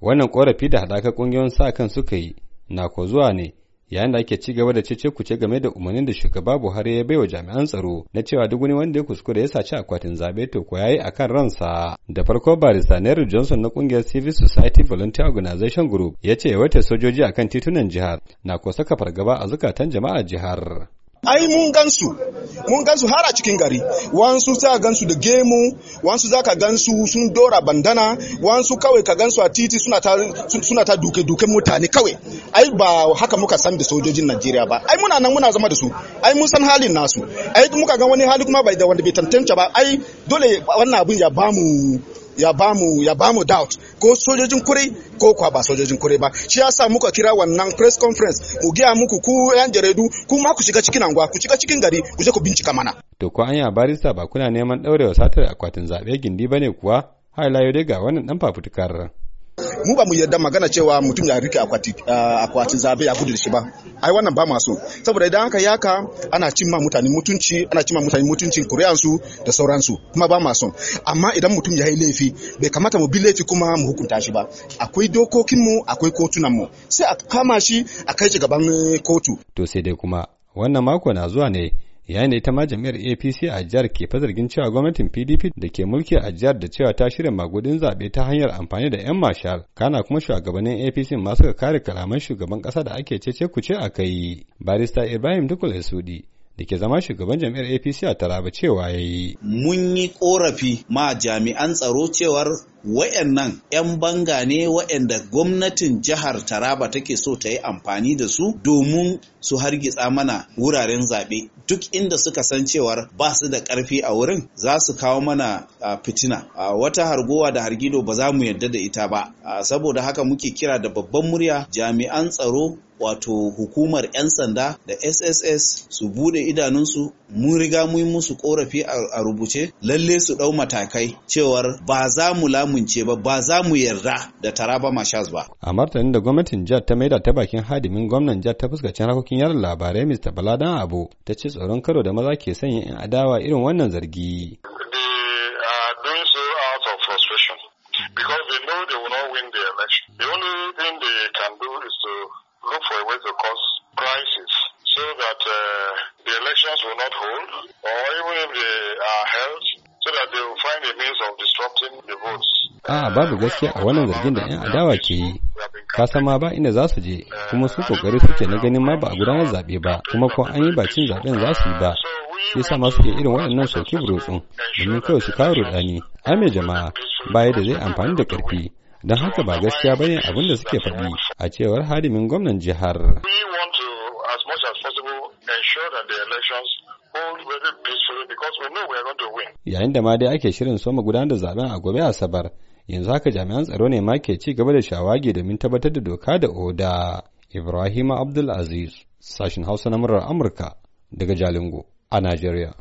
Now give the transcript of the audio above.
Wannan korafi da haɗaka ƙungiyoyin sa kan suka yi na ko zuwa ne yayin da ake ci gaba da cece kuce game da umarnin da shugaba Buhari ya baiwa jami'an tsaro na cewa duk wani wanda ya kuskura ya saci akwatin zabe to ko yayi akan ransa da farko barista Nero Johnson na kungiyar Civil Society Volunteer Organization Group ya ce wata sojoji akan titunan jihar na ko saka fargaba a zukatan jama'ar jihar ai mun gansu mun gansu har a cikin gari wansu za gansu da gemu wansu za ka gansu sun dora bandana wansu kawai ka gansu a titi suna ta duke duke mutane kawai ai ba haka muka san da sojojin Najeriya ba ai muna nan muna zama da su ai mun san halin nasu ai muka ga wani hali kuma bai da wanda bai tantance ba ai dole wannan abin ya bamu ya bamu ya mu doubt ko sojojin Kure ko kwa ba sojojin Kure ba shi yasa muka kira wannan press conference mu gaya muku ku yan jaridu kuma ku shiga cikin anguwa ku shiga cikin gari ku je ku bincika mana to ko anya barista ba kuna neman daurewa satar akwatin zabe gindi bane kuwa har layo dai ga wannan dan fafutukar mu ba mu yarda magana cewa mutum ya rike akwati akwatin zabe ya gudu da shi ba ai wannan ba masu saboda idan aka yaka ana ma mutane mutunci ana ma mutane mutuncin su da sauransu kuma ba masu amma idan mutum ya yi laifi bai kamata mu bi laifi kuma mu hukunta shi ba akwai dokokin mu akwai kotunan mu sai a kama shi a kai shi gaban eh, kotu to sai dai kuma wannan mako na zuwa ne ya da ita ma jami'ar apc a jihar ke zargin cewa gwamnatin pdp da ke mulki a jihar da cewa ta shirya magudin zaɓe ta hanyar amfani da 'yan mashal kana kuma shugabannin apc masu suka kare kalaman shugaban ƙasa da ake cece kuce a kai barista ibrahim dukul esudi da ke zama shugaban jami'ar apc a taraba cewa ya yi mun yi korafi ma jami'an tsaro cewar wayannan 'yan banga ne wayanda gwamnatin jihar Taraba take so ta yi amfani da su domin su hargitsa mana wuraren zaɓe duk inda suka san cewar ba su da ƙarfi a wurin za su kawo mana fitina wata hargowa da hargido ba za mu yarda da ita ba saboda haka muke kira da babban murya jami'an tsaro wato hukumar 'yan sanda da sss su bude idanunsu mun riga mun musu korafi a rubuce lalle su ɗau matakai cewar ba za mu lamu amince ba ba za mu yarda da taraba mashas ba a martanin da gwamnatin jihar ta maida ta bakin hadimin gwamnan jihar ta fuskacin harkokin yara labarai mr baladan abu ta ce tsoron karo da maza ke sanya in adawa irin wannan zargi Because they know they will not the election. The can do is to look for a way uh, the elections will not hold, or even if they are held, so that they will find a means of disrupting the votes. A'a babu gaskiya a wannan zargin da 'yan adawa ke yi kasa ma ba inda za su je kuma su kokari suke na ganin ma ba a gudanar zaɓe ba kuma ko an yi bacin zaɓen za su yi ba shi yasa masu suke irin waɗannan sauki burutsun domin kawai su kawo rudani ai mai jama'a baya da zai amfani da ƙarfi don haka ba gaskiya bane abin da suke faɗi a cewar harimin gwamnan jihar yayin da ma dai ake shirin soma gudanar da zaben a gobe asabar yanzu haka jami'an tsaro ne ma ke ci gaba da shawagi domin tabbatar da doka da oda ibrahim abdulaziz sashen hausa na murar amurka daga jalingo a najeriya